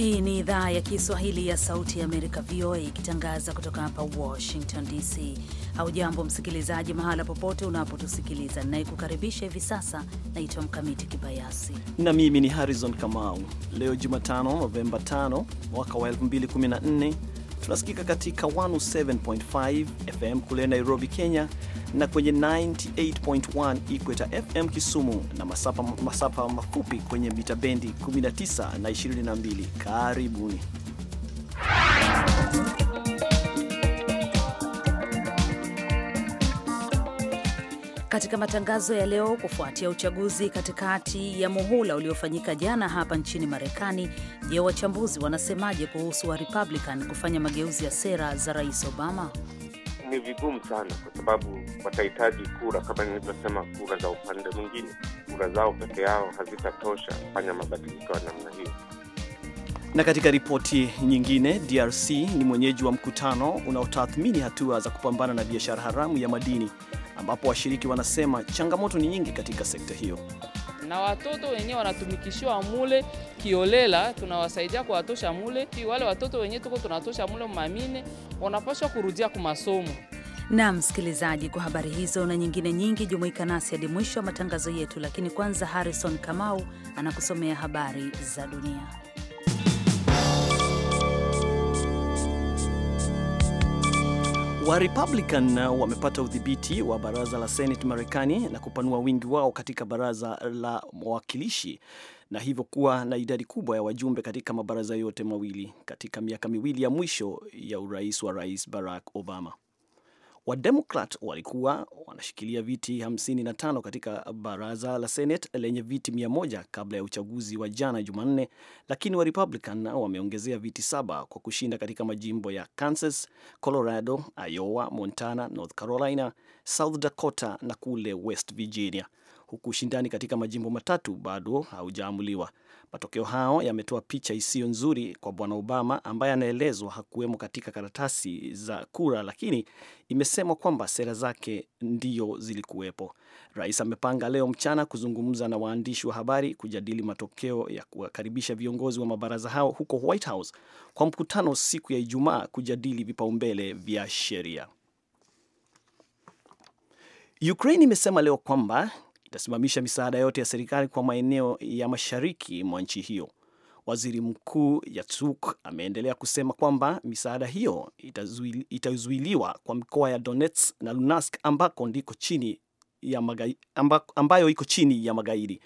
Hii ni idhaa ya Kiswahili ya Sauti ya Amerika, VOA, ikitangaza kutoka hapa Washington DC. Haujambo msikilizaji, mahala popote unapotusikiliza. Ninayekukaribisha hivi sasa naitwa Mkamiti Kibayasi na mimi ni Harrison Kamau. Leo Jumatano, Novemba 5 mwaka wa 2014 Tunasikika katika 107.5 FM kule Nairobi, Kenya, na kwenye 98.1 Ikweta FM Kisumu, na masafa, masafa mafupi kwenye mita bendi 19 na 22. Karibuni. katika matangazo ya leo. Kufuatia uchaguzi katikati ya muhula uliofanyika jana hapa nchini Marekani, je, wachambuzi wanasemaje kuhusu wa Republican kufanya mageuzi ya sera za Rais Obama? Ni vigumu sana kwa sababu watahitaji kura, kama nilivyosema, kura za upande mwingine. Kura zao peke yao hazitatosha kufanya mabadiliko ya namna hiyo. Na katika ripoti nyingine, DRC ni mwenyeji wa mkutano unaotathmini hatua za kupambana na biashara haramu ya madini ambapo washiriki wanasema changamoto ni nyingi katika sekta hiyo na watoto wenyewe wanatumikishiwa mule kiolela, tunawasaidia kuwatosha mule. Wale watoto wenyewe tuko tunatosha mule mamine, wanapaswa kurudia kumasomo. Na msikilizaji, kwa habari hizo na nyingine nyingi, jumuika nasi hadi mwisho wa matangazo yetu, lakini kwanza Harrison Kamau anakusomea habari za dunia. Wa Republican wamepata udhibiti wa baraza la Senate Marekani na kupanua wingi wao katika baraza la mawakilishi na hivyo kuwa na idadi kubwa ya wajumbe katika mabaraza yote mawili katika miaka miwili ya mwisho ya urais wa Rais Barack Obama. Wademokrat walikuwa wanashikilia viti 55 katika baraza la Senate lenye viti 100 kabla ya uchaguzi wa jana Jumanne, lakini Warepublican wameongezea viti saba kwa kushinda katika majimbo ya Kansas, Colorado, Iowa, Montana, North Carolina, South Dakota na kule West Virginia, huku ushindani katika majimbo matatu bado haujaamuliwa. Matokeo hao yametoa picha isiyo nzuri kwa bwana Obama ambaye anaelezwa hakuwemo katika karatasi za kura, lakini imesemwa kwamba sera zake ndiyo zilikuwepo. Rais amepanga leo mchana kuzungumza na waandishi wa habari kujadili matokeo ya kuwakaribisha viongozi wa mabaraza hao huko White House kwa mkutano siku ya Ijumaa kujadili vipaumbele vya sheria. Ukraine imesema leo kwamba itasimamisha misaada yote ya serikali kwa maeneo ya mashariki mwa nchi hiyo. Waziri Mkuu Yatsuk ameendelea kusema kwamba misaada hiyo itazuili, itazuiliwa kwa mikoa ya Donetsk na lunask ambako ndiko chini ya magai, ambako, ambayo iko chini ya magaidi.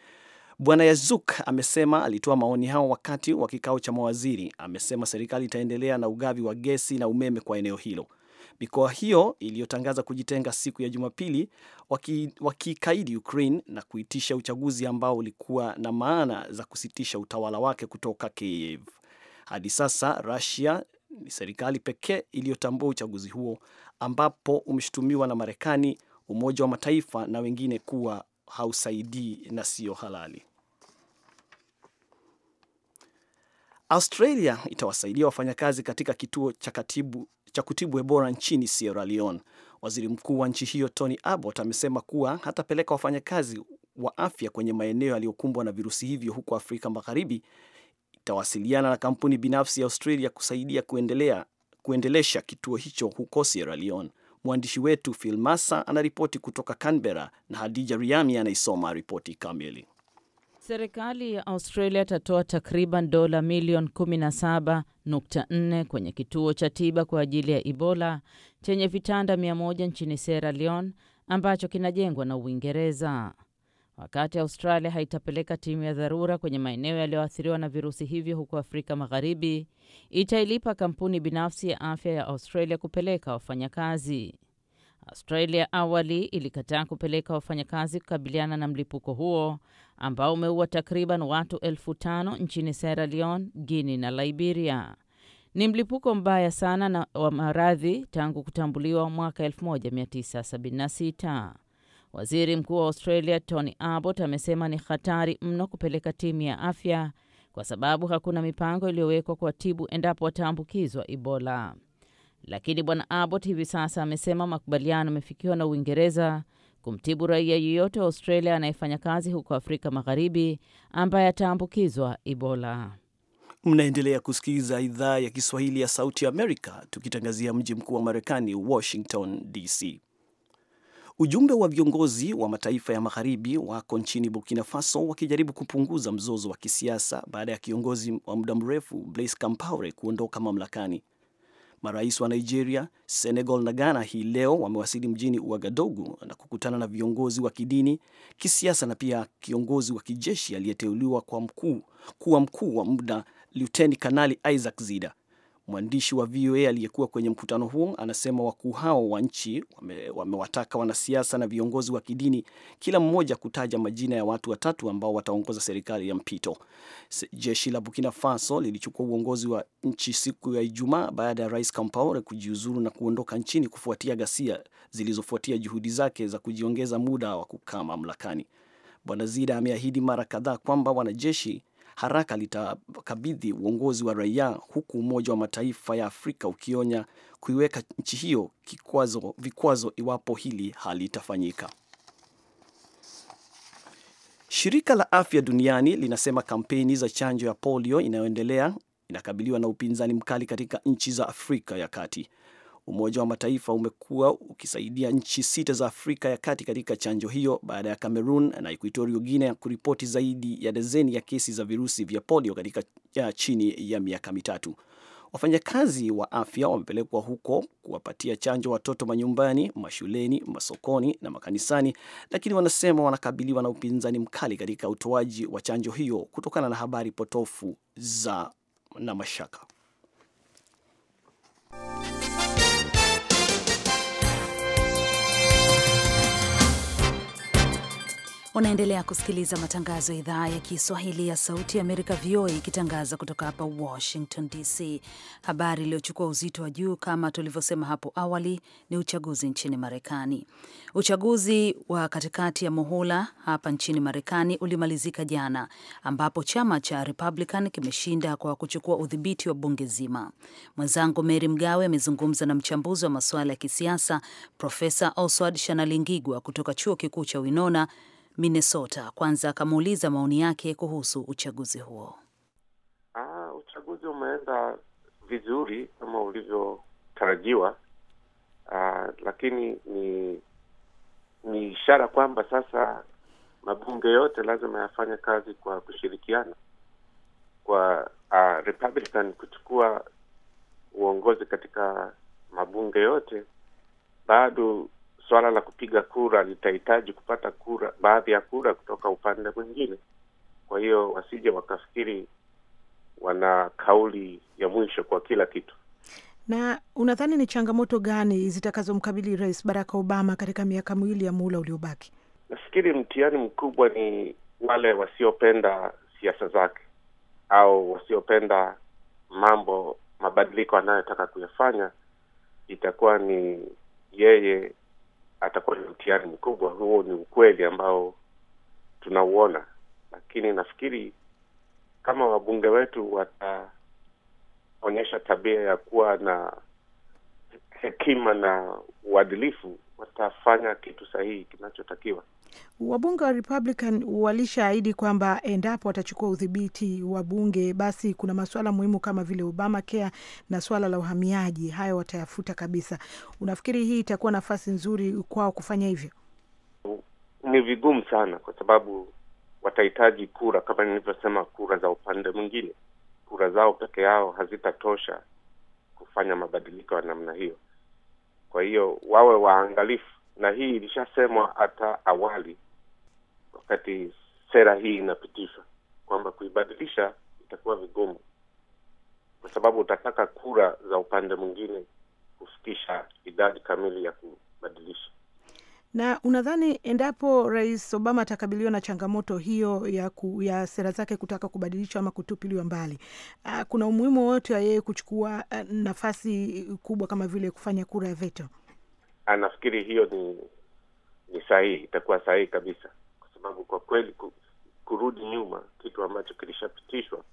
Bwana Yazuk amesema alitoa maoni hao wakati wa kikao cha mawaziri. Amesema serikali itaendelea na ugavi wa gesi na umeme kwa eneo hilo. Mikoa hiyo iliyotangaza kujitenga siku ya Jumapili wakikaidi waki Ukraine na kuitisha uchaguzi ambao ulikuwa na maana za kusitisha utawala wake kutoka Kiev. Hadi sasa Russia ni serikali pekee iliyotambua uchaguzi huo ambapo umeshutumiwa na Marekani, Umoja wa Mataifa na wengine kuwa hausaidii na sio halali. Australia itawasaidia wafanyakazi katika kituo cha katibu cha kutibu ebora nchini Sierra Leone. Waziri mkuu wa nchi hiyo Tony Abbott amesema kuwa hatapeleka wafanyakazi wa afya kwenye maeneo yaliyokumbwa na virusi hivyo huko Afrika Magharibi. Itawasiliana na kampuni binafsi ya Australia kusaidia kuendelea, kuendelesha kituo hicho huko Sierra Leone. Mwandishi wetu Phil Massa anaripoti kutoka Canberra na Hadija Riami anaisoma ripoti kamili. Serikali ya Australia itatoa takriban dola milioni 17.4 kwenye kituo cha tiba kwa ajili ya Ebola chenye vitanda 100 nchini Sierra Leone ambacho kinajengwa na Uingereza. Wakati Australia haitapeleka timu ya dharura kwenye maeneo yaliyoathiriwa na virusi hivyo huko Afrika Magharibi, itailipa kampuni binafsi ya afya ya Australia kupeleka wafanyakazi. Australia awali ilikataa kupeleka wafanyakazi kukabiliana na mlipuko huo ambao umeua takriban watu elfu tano nchini Sierra Leone, Guinea na Liberia. Ni mlipuko mbaya sana na wa maradhi tangu kutambuliwa mwaka 1976. Waziri Mkuu wa Australia Tony Abbott amesema ni hatari mno kupeleka timu ya afya kwa sababu hakuna mipango iliyowekwa kwa tibu endapo wataambukizwa Ebola. Lakini Bwana Abbott hivi sasa amesema makubaliano yamefikiwa na Uingereza kumtibu raia yeyote wa Australia anayefanya kazi huko Afrika Magharibi ambaye ataambukizwa Ebola. Mnaendelea kusikiliza idhaa ya Kiswahili ya Sauti ya Amerika, tukitangazia mji mkuu wa Marekani, Washington DC. Ujumbe wa viongozi wa mataifa ya magharibi wako nchini Burkina Faso wakijaribu kupunguza mzozo wa kisiasa baada ya kiongozi wa muda mrefu Blaise Compaore kuondoka mamlakani. Marais wa Nigeria, Senegal na Ghana hii leo wamewasili mjini Uagadogu na kukutana na viongozi wa kidini, kisiasa na pia kiongozi wa kijeshi aliyeteuliwa kwa mkuu kuwa mkuu wa muda Luteni Kanali Isaac Zida. Mwandishi wa VOA aliyekuwa kwenye mkutano huo anasema wakuu hao wa nchi wamewataka wame wanasiasa na viongozi wa kidini kila mmoja kutaja majina ya watu watatu ambao wataongoza serikali ya mpito. Jeshi la Burkina Faso lilichukua uongozi wa nchi siku ya Ijumaa baada ya rais Compaore kujiuzuru na kuondoka nchini kufuatia ghasia zilizofuatia juhudi zake za kujiongeza muda wa kukaa mamlakani. Bwana Zida ameahidi mara kadhaa kwamba wanajeshi haraka litakabidhi uongozi wa raia, huku Umoja wa Mataifa ya Afrika ukionya kuiweka nchi hiyo kikwazo, vikwazo iwapo hili halitafanyika. Shirika la Afya Duniani linasema kampeni za chanjo ya polio inayoendelea inakabiliwa na upinzani mkali katika nchi za Afrika ya Kati. Umoja wa Mataifa umekuwa ukisaidia nchi sita za Afrika ya Kati katika chanjo hiyo baada ya Cameroon na Equatorio Guinea kuripoti zaidi ya dezeni ya kesi za virusi vya polio katika ya chini ya miaka mitatu. Wafanyakazi wa afya wamepelekwa huko kuwapatia chanjo watoto manyumbani, mashuleni, masokoni na makanisani, lakini wanasema wanakabiliwa na upinzani mkali katika utoaji wa chanjo hiyo kutokana na habari potofu za na mashaka. Unaendelea kusikiliza matangazo ya idhaa ya Kiswahili ya Sauti ya Amerika, VOA, ikitangaza kutoka hapa Washington DC. Habari iliyochukua uzito wa juu kama tulivyosema hapo awali ni uchaguzi nchini Marekani. Uchaguzi wa katikati ya muhula hapa nchini Marekani ulimalizika jana, ambapo chama cha Republican kimeshinda kwa kuchukua udhibiti wa bunge zima. Mwenzangu Mary Mgawe amezungumza na mchambuzi wa masuala ya kisiasa Profesa Oswald Shanalingigwa kutoka chuo kikuu cha Winona Minnesota. Kwanza akamuuliza maoni yake kuhusu uchaguzi huo. Aa, ah, uchaguzi umeenda vizuri kama ulivyotarajiwa, ah, lakini ni ni ishara kwamba sasa mabunge yote lazima yafanye kazi kwa kushirikiana kwa uh, Republican kuchukua uongozi katika mabunge yote, bado suala la kupiga kura litahitaji kupata kura, baadhi ya kura kutoka upande mwingine. Kwa hiyo wasije wakafikiri wana kauli ya mwisho kwa kila kitu. Na unadhani ni changamoto gani zitakazomkabili Rais Barack Obama katika miaka miwili ya muula uliobaki? Nafikiri mtihani mkubwa ni wale wasiopenda siasa zake au wasiopenda mambo mabadiliko anayotaka kuyafanya. Itakuwa ni yeye atakuwa ni mtihani mkubwa. Huo ni ukweli ambao tunauona, lakini nafikiri kama wabunge wetu wataonyesha tabia ya kuwa na hekima na uadilifu, watafanya kitu sahihi kinachotakiwa. Wabunge wa Republican walishaahidi kwamba endapo watachukua udhibiti wa bunge, basi kuna masuala muhimu kama vile Obamacare na swala la uhamiaji, hayo watayafuta kabisa. Unafikiri hii itakuwa nafasi nzuri kwao kufanya hivyo? Ni vigumu sana, kwa sababu watahitaji kura, kama nilivyosema, kura za upande mwingine. Kura zao peke yao hazitatosha kufanya mabadiliko ya namna hiyo. Kwa hiyo wawe waangalifu, na hii ilishasemwa hata awali wakati sera hii inapitishwa kwamba kuibadilisha itakuwa vigumu, kwa sababu utataka kura za upande mwingine kufikisha idadi kamili ya kubadilisha. Na unadhani endapo Rais Obama atakabiliwa na changamoto hiyo ya, ku, ya sera zake kutaka kubadilishwa ama kutupiliwa mbali, kuna umuhimu wowote wa yeye kuchukua nafasi kubwa kama vile kufanya kura ya veto? Nafikiri hiyo ni ni sahihi, itakuwa sahihi kabisa, kwa sababu kwa kweli kurudi nyuma kitu ambacho kilishapitishwa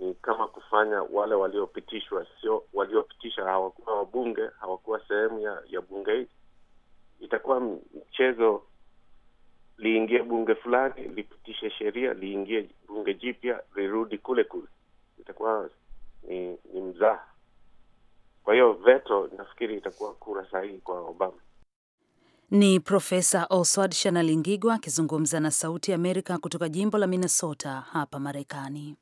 ni kama kufanya wale waliopitishwa, sio waliopitisha, hawakuwa wabunge, hawakuwa sehemu ya, ya bunge hili itakuwa mchezo liingie bunge fulani lipitishe sheria liingie bunge jipya lirudi kule kule, itakuwa ni, ni mzaha. Kwa hiyo veto nafikiri itakuwa kura sahihi kwa Obama. Ni Profesa Oswald Shanalingigwa akizungumza na Sauti Amerika kutoka jimbo la Minnesota hapa Marekani.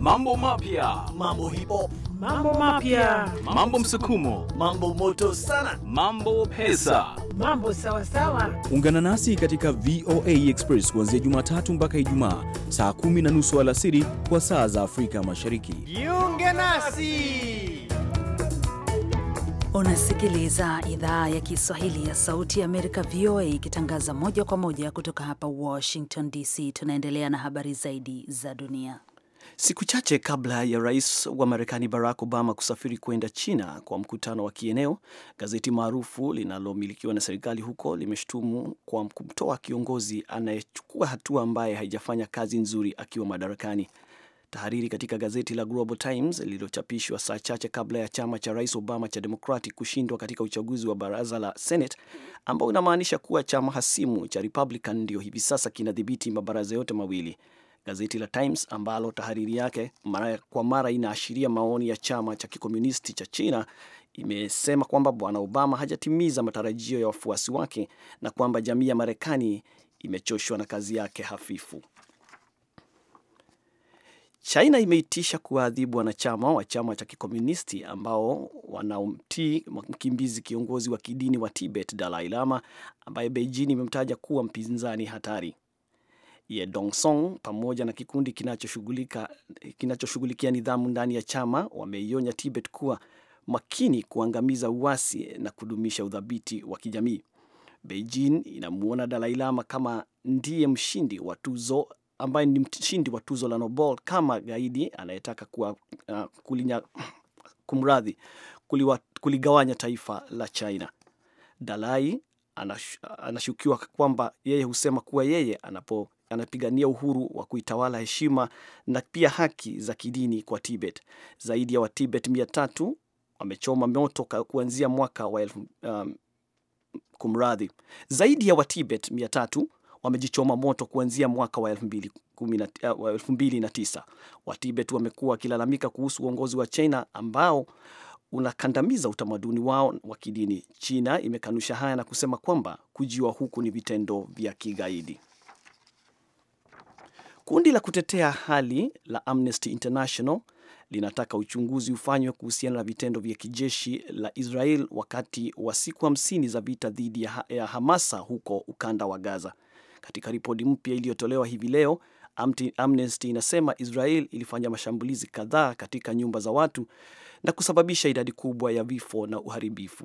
Mambo mapya, mambo hip mambo mapya, mambo msukumo, mambo moto sana, mambo pesa, mambo sawasawa. Ungana nasi katika VOA Express kuanzia Jumatatu mpaka Ijumaa saa kumi na nusu alasiri kwa saa za Afrika Mashariki. Jiunge nasi. Unasikiliza idhaa ya Kiswahili ya Sauti ya Amerika, VOA, ikitangaza moja kwa moja kutoka hapa Washington DC. Tunaendelea na habari zaidi za dunia. Siku chache kabla ya rais wa Marekani Barack Obama kusafiri kwenda China kwa mkutano wa kieneo, gazeti maarufu linalomilikiwa na serikali huko limeshutumu kwa kumtoa kiongozi anayechukua hatua ambaye haijafanya kazi nzuri akiwa madarakani. Tahariri katika gazeti la Global Times lililochapishwa saa chache kabla ya chama cha rais Obama cha Demokrati kushindwa katika uchaguzi wa baraza la Senate ambao unamaanisha kuwa chama hasimu cha Republican ndio hivi sasa kinadhibiti mabaraza yote mawili. Gazeti la Times ambalo tahariri yake mara kwa mara inaashiria maoni ya chama cha kikomunisti cha China imesema kwamba Bwana Obama hajatimiza matarajio ya wafuasi wake na kwamba jamii ya Marekani imechoshwa na kazi yake hafifu. China imeitisha kuwaadhibu wanachama wa chama cha kikomunisti ambao wanamtii mkimbizi kiongozi wa kidini wa Tibet Dalai Lama ambaye Beijing imemtaja kuwa mpinzani hatari ya Dongsong pamoja na kikundi kinachoshughulikia kinachoshughulikia nidhamu ndani ya chama wameionya Tibet kuwa makini kuangamiza uasi na kudumisha udhabiti wa kijamii. Beijing inamuona Dalai Lama kama ndiye mshindi wa tuzo ambaye ni mshindi wa tuzo la Nobel kama gaidi anayetaka kuwa, uh, kulinya, kumradhi kuliwa, kuligawanya taifa la China. Dalai anashukiwa kwamba yeye husema kuwa yeye anapo anapigania uhuru wa kuitawala heshima na pia haki za kidini kwa Tibet. Zaidi ya Watibet mia tatu wamechoma moto kuanzia mwaka wa elfu, um, kumradhi, zaidi ya Watibet mia tatu wamejichoma moto kuanzia mwaka wa uh, tisa. Watibet wamekuwa wakilalamika kuhusu uongozi wa China ambao unakandamiza utamaduni wao wa kidini. China imekanusha haya na kusema kwamba kujiwa huku ni vitendo vya kigaidi. Kundi la kutetea hali la Amnesty International linataka uchunguzi ufanywe kuhusiana na vitendo vya kijeshi la Israel wakati wa siku hamsini za vita dhidi ya Hamasa huko ukanda wa Gaza. Katika ripoti mpya iliyotolewa hivi leo, Amnesty inasema Israel ilifanya mashambulizi kadhaa katika nyumba za watu na kusababisha idadi kubwa ya vifo na uharibifu.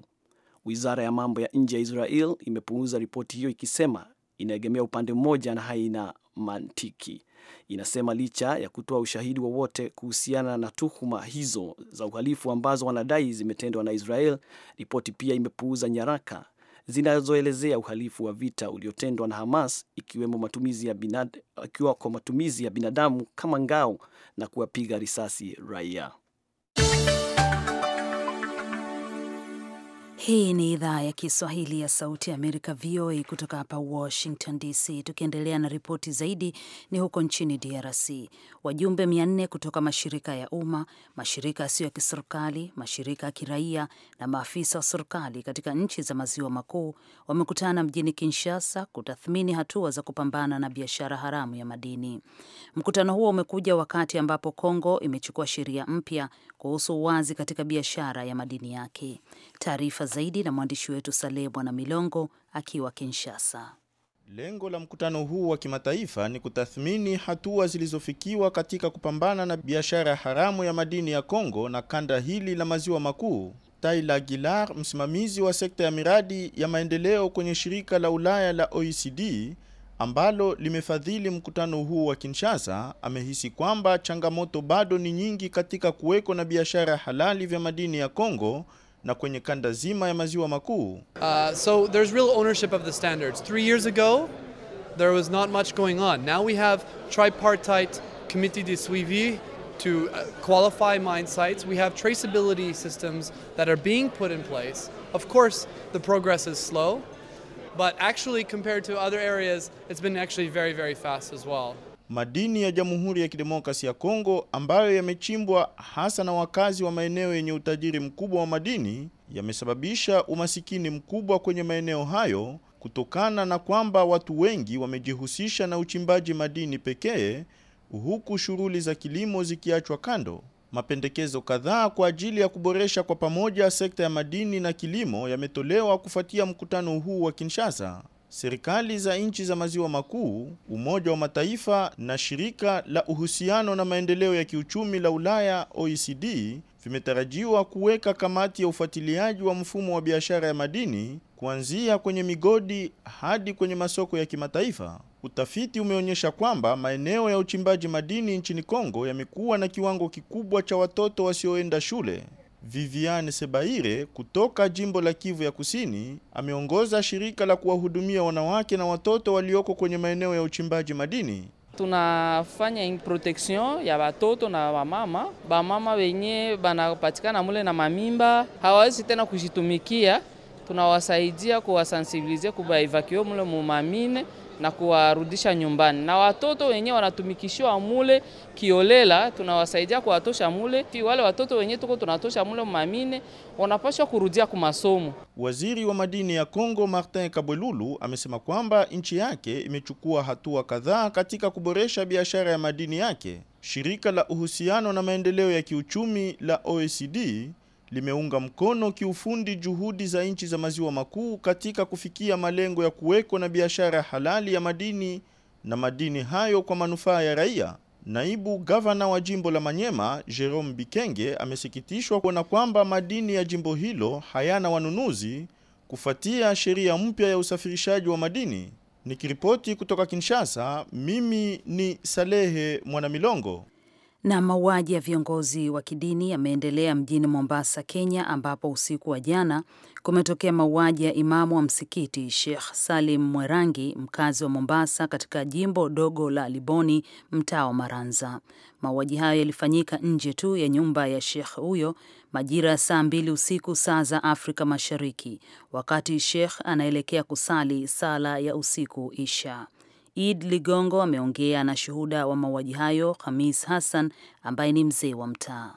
Wizara ya mambo ya nje ya Israel imepuuza ripoti hiyo ikisema inaegemea upande mmoja na haina mantiki inasema licha ya kutoa ushahidi wowote kuhusiana na tuhuma hizo za uhalifu ambazo wanadai zimetendwa na Israel, ripoti pia imepuuza nyaraka zinazoelezea uhalifu wa vita uliotendwa na Hamas ikiwemo matumizi ya binad, ikiwa kwa matumizi ya binadamu kama ngao na kuwapiga risasi raia. Hii ni idhaa ya Kiswahili ya Sauti ya Amerika, VOA, kutoka hapa Washington DC. Tukiendelea na ripoti zaidi, ni huko nchini DRC. Wajumbe 4 kutoka mashirika ya umma, mashirika yasiyo ya kiserikali, mashirika ya kiraia na maafisa wa serikali katika nchi za maziwa makuu wamekutana mjini Kinshasa kutathmini hatua za kupambana na biashara haramu ya madini. Mkutano huo umekuja wakati ambapo Kongo imechukua sheria mpya kuhusu uwazi katika biashara ya madini yake. Taarifa zaidi na mwandishi wetu Saleh Bwana Milongo akiwa Kinshasa. Lengo la mkutano huu wa kimataifa ni kutathmini hatua zilizofikiwa katika kupambana na biashara haramu ya madini ya Kongo na kanda hili la maziwa makuu. Taila gilar msimamizi wa sekta ya miradi ya maendeleo kwenye shirika la Ulaya la OECD ambalo limefadhili mkutano huu wa Kinshasa, amehisi kwamba changamoto bado ni nyingi katika kuweko na biashara halali vya madini ya Kongo na kwenye kanda zima ya maziwa makuu. Uh, so there's real ownership of the standards. Three years ago, there was not much going on. Now we have tripartite committee de suivi to uh, qualify mine sites. We have traceability systems that are being put in place. Of course, the progress is slow, but actually compared to other areas, it's been actually very, very fast as well. madini ya Jamhuri ya Kidemokrasia ya Kongo ambayo yamechimbwa hasa na wakazi wa maeneo yenye utajiri mkubwa wa madini yamesababisha umasikini mkubwa kwenye maeneo hayo kutokana na kwamba watu wengi wamejihusisha na uchimbaji madini pekee huku shughuli za kilimo zikiachwa kando. Mapendekezo kadhaa kwa ajili ya kuboresha kwa pamoja sekta ya madini na kilimo yametolewa kufuatia mkutano huu wa Kinshasa serikali za nchi za maziwa makuu, Umoja wa Mataifa na shirika la uhusiano na maendeleo ya kiuchumi la Ulaya OECD vimetarajiwa kuweka kamati ya ufuatiliaji wa mfumo wa biashara ya madini kuanzia kwenye migodi hadi kwenye masoko ya kimataifa. Utafiti umeonyesha kwamba maeneo ya uchimbaji madini nchini Kongo yamekuwa na kiwango kikubwa cha watoto wasioenda shule. Viviane Sebaire kutoka jimbo la Kivu ya Kusini ameongoza shirika la kuwahudumia wanawake na watoto walioko kwenye maeneo ya uchimbaji madini. Tunafanya protection ya watoto na wamama, bamama wenye banapatikana mule na mamimba hawawezi tena kujitumikia, tunawasaidia kuwasensibilize kubaevakio mule mumamine na kuwarudisha nyumbani, na watoto wenyewe wanatumikishiwa mule kiolela, tunawasaidia kuwatosha mule. Wale watoto wenyewe tuko tunatosha mule mamine, wanapashwa kurudia kumasomo. Waziri wa madini ya Kongo Martin Kabwelulu amesema kwamba nchi yake imechukua hatua kadhaa katika kuboresha biashara ya madini yake. Shirika la uhusiano na maendeleo ya kiuchumi la OECD limeunga mkono kiufundi juhudi za nchi za maziwa makuu katika kufikia malengo ya kuweko na biashara halali ya madini na madini hayo kwa manufaa ya raia. Naibu gavana wa jimbo la Manyema Jerome Bikenge amesikitishwa kuona kwamba madini ya jimbo hilo hayana wanunuzi kufuatia sheria mpya ya usafirishaji wa madini. Nikiripoti kutoka Kinshasa, mimi ni Salehe Mwanamilongo. Na mauaji ya viongozi wa kidini yameendelea mjini Mombasa, Kenya, ambapo usiku wa jana kumetokea mauaji ya imamu wa msikiti Sheikh Salim Mwerangi, mkazi wa Mombasa, katika jimbo dogo la Liboni, mtaa wa Maranza. Mauaji hayo yalifanyika nje tu ya nyumba ya Sheikh huyo majira ya saa mbili usiku saa za Afrika Mashariki, wakati Sheikh anaelekea kusali sala ya usiku Isha. Id Ligongo ameongea na shuhuda wa mauaji hayo Khamis Hassan ambaye ni mzee wa mtaa.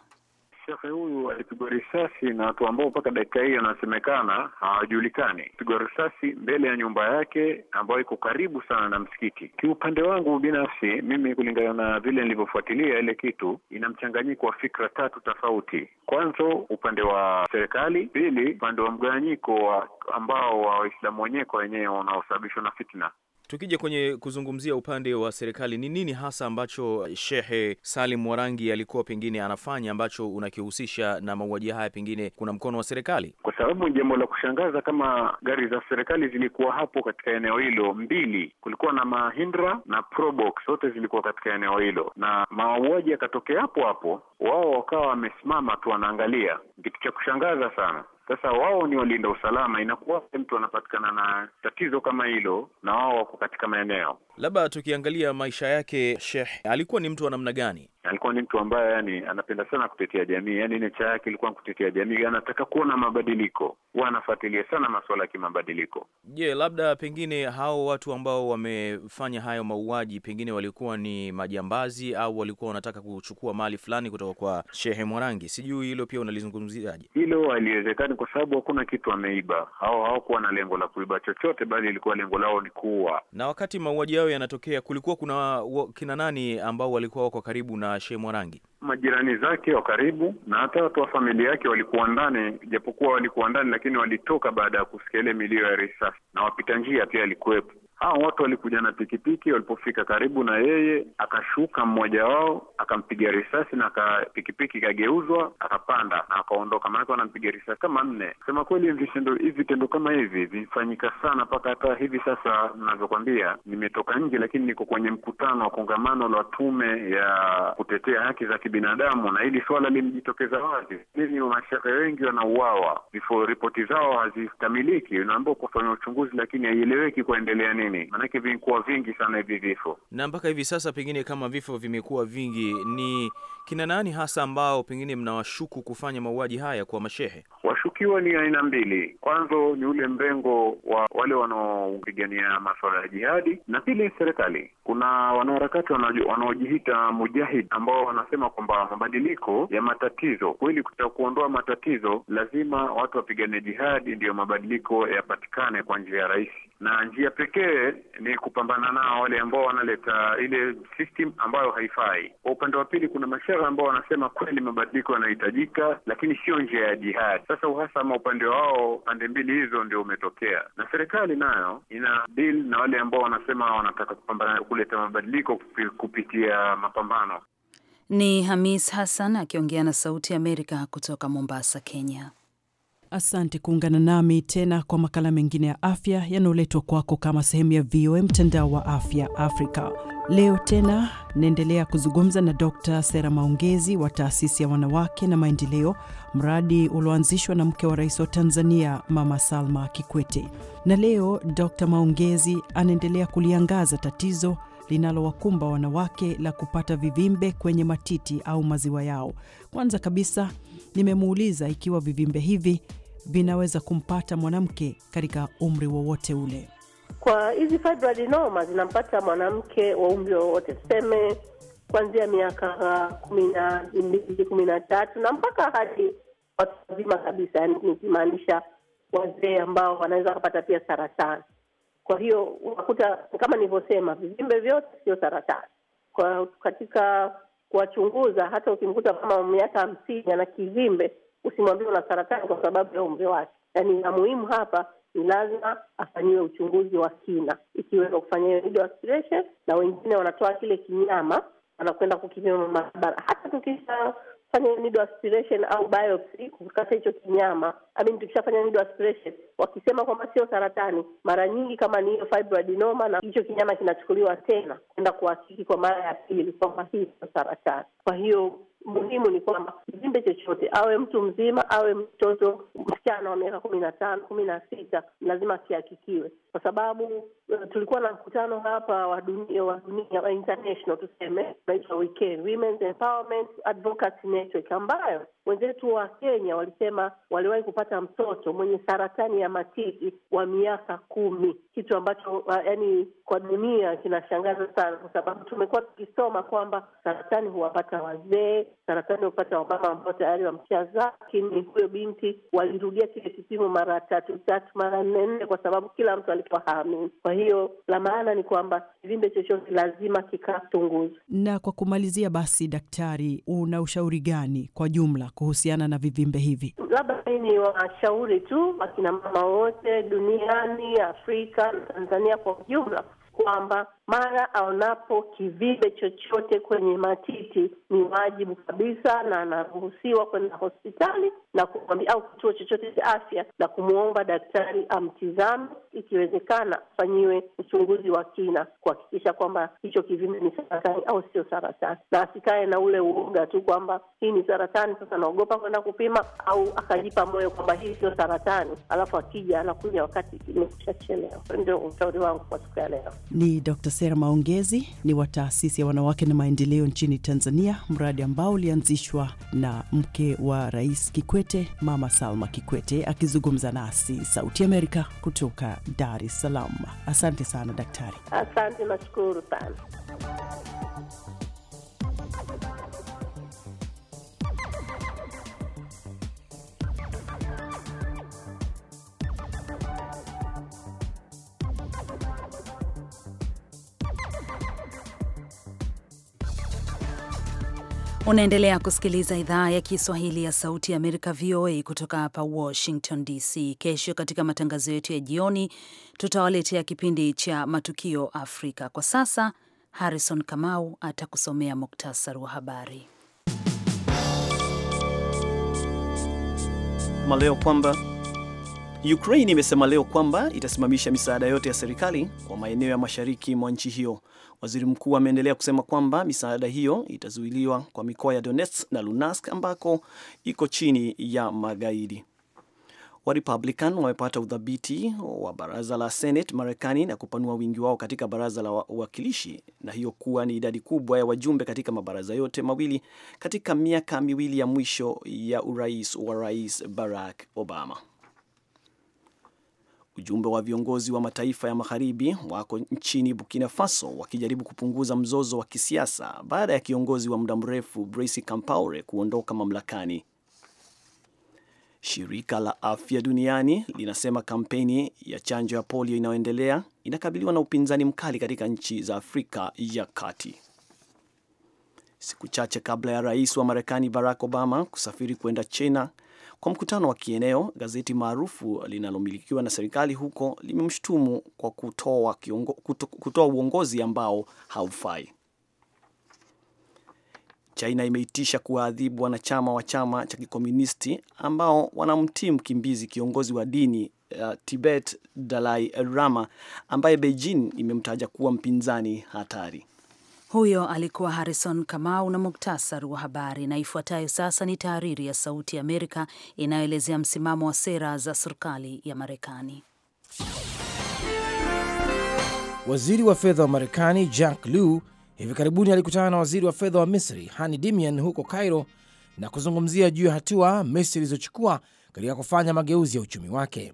Shekhe huyu alipigwa risasi na watu ambao mpaka dakika hii anasemekana hawajulikani. Pigwa risasi mbele ya nyumba yake ambayo iko karibu sana na msikiti. Kiupande wangu binafsi mimi, kulingana na vile nilivyofuatilia ile kitu, ina mchanganyiko wa fikra tatu tofauti. Kwanza upande wa serikali, pili upande wa mgawanyiko wa ambao wa Waislamu wenyewe kwa wenyewe wanaosababishwa na fitna Tukija kwenye kuzungumzia upande wa serikali, ni nini hasa ambacho eh, Shehe Salim Warangi alikuwa pengine anafanya ambacho unakihusisha na mauaji haya? Pengine kuna mkono wa serikali, kwa sababu jambo la kushangaza kama gari za serikali zilikuwa hapo katika eneo hilo mbili, kulikuwa na Mahindra na Probox, zote zilikuwa katika eneo hilo, na mauaji yakatokea hapo hapo, wao wakawa wamesimama tu wanaangalia, kitu cha kushangaza sana. Sasa wao ni walinda usalama, inakuwa mtu anapatikana na tatizo kama hilo na wao wako katika maeneo Labda tukiangalia maisha yake, Sheikh alikuwa ni mtu wa namna gani? Alikuwa ni mtu ambaye yani anapenda sana kutetea jamii, yani necha yake ilikuwa kutetea jamii, anataka kuona mabadiliko, huwa anafuatilia sana masuala ya kimabadiliko. Je, labda pengine hao watu ambao wamefanya hayo mauaji pengine walikuwa ni majambazi au walikuwa wanataka kuchukua mali fulani kutoka kwa Shehe Mwarangi? Sijui hilo pia unalizungumziaje? Hilo haliwezekani kwa sababu hakuna kitu ameiba. Hao hawakuwa na lengo la kuiba chochote, bali ilikuwa lengo lao ni kuua. Na wakati mauaji hayo yanatokea, kulikuwa kuna kina nani ambao walikuwa wako karibu na shemo Mwarangi? Majirani zake wa karibu na hata watu wa familia yake walikuwa ndani, japokuwa walikuwa ndani, lakini walitoka baada ya kusikia ile milio ya risasi, na wapita njia pia alikuwepo hawa watu walikuja na pikipiki, walipofika karibu na yeye akashuka mmoja wao akampiga risasi na pikipiki ikageuzwa, akapanda na akaondoka, maanake wanampiga risasi kama nne. Kusema kweli, vitendo vitendo kama hivi vifanyika sana, mpaka hata hivi sasa ninavyokwambia, nimetoka nje, lakini niko kwenye mkutano wa kongamano la tume ya kutetea haki za kibinadamu, na hili swala limejitokeza wazi. Mimi mashaka wengi wanauawa, vifo, ripoti zao hazikamiliki, unaambao kufanya uchunguzi, lakini haieleweki kuendelea nini nini, maanake vimekuwa vingi sana hivi vifo, na mpaka hivi sasa pengine kama vifo vimekuwa vingi, ni kina nani hasa ambao pengine mnawashuku kufanya mauaji haya kwa mashehe? Washukiwa ni aina mbili, kwanza ni ule mrengo wa wale wanaopigania masuala ya jihadi, na pili serikali. Kuna wanaharakati wanaojihita mujahid ambao wanasema kwamba mabadiliko ya matatizo kweli, kutaka kuondoa matatizo lazima watu wapigane jihadi, ndiyo mabadiliko yapatikane kwa njia ya rahisi na njia pekee ni kupambana nao wale ambao wanaleta ile system ambayo haifai. Kwa upande wa pili, kuna mashara ambao wanasema kweli mabadiliko yanahitajika, lakini sio njia ya jihadi. Sasa uhasama upande wao, pande mbili hizo ndio umetokea, na serikali nayo ina deal na wale ambao wanasema wanataka kupambana, kuleta mabadiliko kupitia mapambano. Ni Hamis Hassan akiongea na Sauti ya Amerika kutoka Mombasa, Kenya. Asante kuungana nami tena kwa makala mengine ya afya yanayoletwa kwako kama sehemu ya VOA mtandao wa afya Afrika. Leo tena naendelea kuzungumza na Dr. Sera Maongezi wa taasisi ya wanawake na maendeleo, mradi ulioanzishwa na mke wa rais wa Tanzania Mama Salma Kikwete. Na leo Dr. Maongezi anaendelea kuliangaza tatizo linalowakumba wanawake la kupata vivimbe kwenye matiti au maziwa yao. Kwanza kabisa Nimemuuliza ikiwa vivimbe hivi vinaweza kumpata mwanamke katika umri wowote ule. Kwa hizi fibroadenoma zinampata mwanamke wa umri wowote, tuseme kuanzia miaka kumi na mbili kumi na tatu na mpaka hadi watu wazima kabisa, yani nikimaanisha wazee ambao wanaweza wakapata pia saratani. Kwa hiyo unakuta kama nilivyosema, vivimbe vyote sio saratani. Kwa katika kuwachunguza. Hata ukimkuta kama miaka hamsini ana kivimbe, usimwambie una saratani kwa sababu ya umri wake. Yaani la muhimu hapa ni lazima afanyiwe uchunguzi wa kina, ikiweza kufanya hiyo aspiration, na wengine wanatoa kile kinyama wanakwenda kukipima maabara. Hata tukisha fanya needle aspiration au biopsy kukata hicho kinyama I mean, tukishafanya needle aspiration wakisema kwamba sio saratani, mara nyingi kama ni hiyo fibroadenoma, na hicho kinyama kinachukuliwa tena kwenda kuhakiki kwa mara ya pili kwamba hii sio saratani. Kwa hiyo muhimu ni kwamba mjumbe chochote, awe mtu mzima, awe mtoto msichana wa miaka kumi na tano kumi na sita lazima asihakikiwe, kwa sababu eh, tulikuwa na mkutano hapa wa dunia wa dunia wa international tuseme, unaitwa Women's Empowerment Advocacy Network, ambayo wenzetu wa Kenya walisema waliwahi kupata mtoto mwenye saratani ya matiti wa miaka kumi, kitu ambacho eh, yani kwa dunia kinashangaza sana, kwa sababu tumekuwa tukisoma kwamba saratani huwapata wazee saratani ya upata wa mama ambao tayari wameshazaa, lakini huyo binti walirudia kile kipimo mara tatu tatu mara nne nne, kwa sababu kila mtu alikuwa haamini. Kwa hiyo la maana ni kwamba kivimbe chochote lazima kikachunguzwe. Na kwa kumalizia basi, daktari, una ushauri gani kwa jumla kuhusiana na vivimbe hivi? Labda mi ni washauri tu wakinamama mama wote duniani, Afrika na Tanzania kwa ujumla kwamba mara aonapo kivibe chochote kwenye matiti ni wajibu kabisa, na anaruhusiwa kwenda hospitali na kumwambia au kituo chochote cha afya na kumwomba daktari amtizame, ikiwezekana afanyiwe uchunguzi wa kina kuhakikisha kwamba hicho kivimbe ni saratani au sio saratani, na asikae na ule uoga tu kwamba hii ni saratani, sasa naogopa kwenda kupima, au akajipa moyo kwamba hii sio saratani, alafu akija anakuja wakati imekushachelewa. Ndio ushauri wangu kwa siku ya leo ni Dr. Sera Maongezi ni wa taasisi ya wanawake na maendeleo nchini Tanzania, mradi ambao ulianzishwa na mke wa Rais Kikwete, Mama Salma Kikwete, akizungumza nasi Sauti Amerika kutoka Dar es Salaam. Asante sana daktari. Asante, nashukuru sana. Unaendelea kusikiliza idhaa ya Kiswahili ya Sauti ya Amerika, VOA, kutoka hapa Washington DC. Kesho katika matangazo yetu ya jioni, tutawaletea kipindi cha Matukio Afrika. Kwa sasa, Harrison Kamau atakusomea muktasari wa habari. Maleo kwamba Ukraine imesema leo kwamba itasimamisha misaada yote ya serikali kwa maeneo ya mashariki mwa nchi hiyo. Waziri mkuu ameendelea kusema kwamba misaada hiyo itazuiliwa kwa mikoa ya Donetsk na lunask ambako iko chini ya magaidi. Wa Republican wamepata udhabiti wa baraza la Senate Marekani na kupanua wingi wao katika baraza la wawakilishi na hiyo kuwa ni idadi kubwa ya wajumbe katika mabaraza yote mawili katika miaka miwili ya mwisho ya urais wa Rais Barack Obama. Ujumbe wa viongozi wa mataifa ya magharibi wako nchini Burkina Faso wakijaribu kupunguza mzozo wa kisiasa baada ya kiongozi wa muda mrefu Blaise Compaore kuondoka mamlakani. Shirika la Afya Duniani linasema kampeni ya chanjo ya polio inayoendelea inakabiliwa na upinzani mkali katika nchi za Afrika ya Kati. Siku chache kabla ya rais wa Marekani Barack Obama kusafiri kwenda China kwa mkutano wa kieneo. Gazeti maarufu linalomilikiwa na serikali huko limemshutumu kwa kutoa, kiongo, kuto, kutoa uongozi ambao haufai. China imeitisha kuwaadhibu wanachama wa chama cha kikomunisti ambao wanamtii mkimbizi kiongozi wa dini uh, Tibet Dalai Lama ambaye Beijing imemtaja kuwa mpinzani hatari. Huyo alikuwa Harrison Kamau na muktasari wa habari, na ifuatayo sasa ni tahariri ya Sauti ya Amerika inayoelezea msimamo wa sera za serikali ya Marekani. Waziri wa fedha wa Marekani Jack Lew hivi karibuni alikutana na waziri wa fedha wa Misri Hani Dimian huko Cairo na kuzungumzia juu ya hatua Misri ilizochukua katika kufanya mageuzi ya uchumi wake.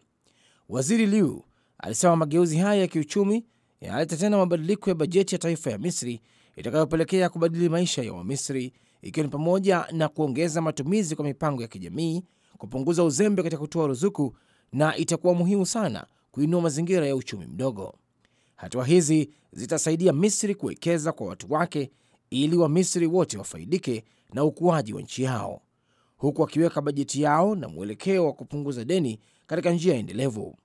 Waziri Lew alisema mageuzi haya ya kiuchumi yanaleta tena mabadiliko ya bajeti ya taifa ya Misri itakayopelekea kubadili maisha ya Wamisri, ikiwa ni pamoja na kuongeza matumizi kwa mipango ya kijamii, kupunguza uzembe katika kutoa ruzuku, na itakuwa muhimu sana kuinua mazingira ya uchumi mdogo. Hatua hizi zitasaidia Misri kuwekeza kwa watu wake ili Wamisri wote wafaidike na ukuaji wa nchi yao, huku akiweka bajeti yao na mwelekeo wa kupunguza deni katika njia endelevu,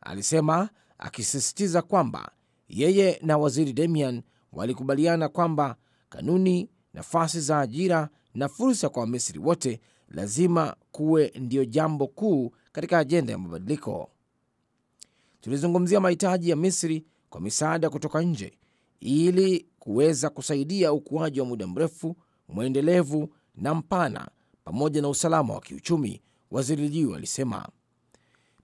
alisema, akisisitiza kwamba yeye na Waziri Demian walikubaliana kwamba kanuni, nafasi za ajira na fursa kwa Wamisri wote lazima kuwe ndiyo jambo kuu katika ajenda ya mabadiliko. Tulizungumzia mahitaji ya Misri kwa misaada kutoka nje ili kuweza kusaidia ukuaji wa muda mrefu, mwendelevu na mpana, pamoja na usalama wa kiuchumi, waziri Liu alisema.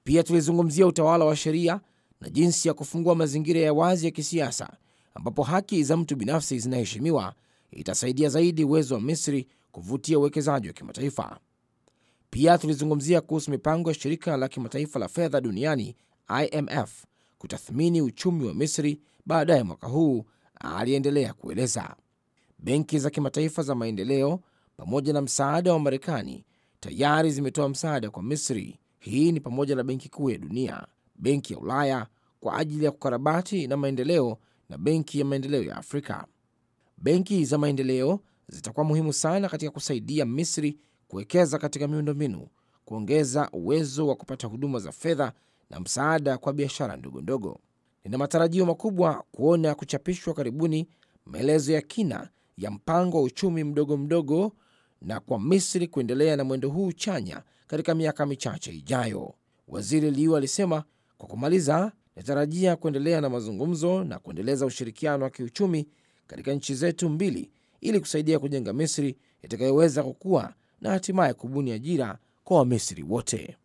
Pia tulizungumzia utawala wa sheria na jinsi ya kufungua mazingira ya wazi ya kisiasa ambapo haki za mtu binafsi zinaheshimiwa itasaidia zaidi uwezo wa Misri kuvutia uwekezaji wa kimataifa. Pia tulizungumzia kuhusu mipango ya shirika la kimataifa la fedha duniani IMF kutathmini uchumi wa Misri baadaye mwaka huu, aliendelea kueleza. Benki za kimataifa za maendeleo pamoja na msaada wa Marekani tayari zimetoa msaada kwa Misri. Hii ni pamoja na Benki Kuu ya Dunia, Benki ya Ulaya kwa ajili ya kukarabati na maendeleo na Benki ya Maendeleo ya Afrika. Benki za maendeleo zitakuwa muhimu sana katika kusaidia Misri kuwekeza katika miundombinu, kuongeza uwezo wa kupata huduma za fedha na msaada kwa biashara ndogo ndogo. Nina matarajio makubwa kuona kuchapishwa karibuni maelezo ya kina ya mpango wa uchumi mdogo mdogo na kwa Misri kuendelea na mwendo huu chanya katika miaka michache ijayo, Waziri Liu alisema. Kwa kumaliza, inatarajia kuendelea na mazungumzo na kuendeleza ushirikiano wa kiuchumi katika nchi zetu mbili ili kusaidia kujenga Misri itakayoweza kukua na hatimaye kubuni ajira kwa Wamisri wote.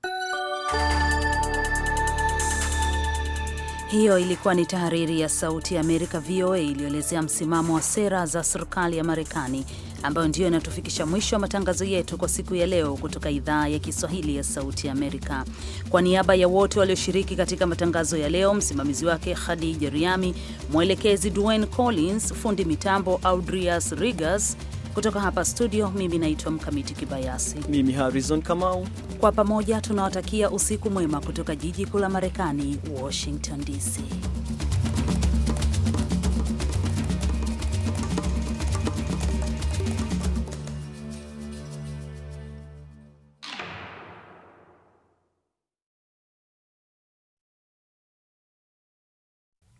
Hiyo ilikuwa ni tahariri ya Sauti ya Amerika, VOA, iliyoelezea msimamo wa sera za serikali ya Marekani ambayo ndiyo inatufikisha mwisho wa matangazo yetu kwa siku ya leo kutoka idhaa ya Kiswahili ya Sauti Amerika. Kwa niaba ya wote walioshiriki katika matangazo ya leo, msimamizi wake Khadija Riami, mwelekezi Dwayne Collins, fundi mitambo Audrias Rigas. Kutoka hapa studio, mimi naitwa Mkamiti Kibayasi, mimi Harrison Kamau. Kwa pamoja tunawatakia usiku mwema kutoka jiji kuu la Marekani, Washington DC.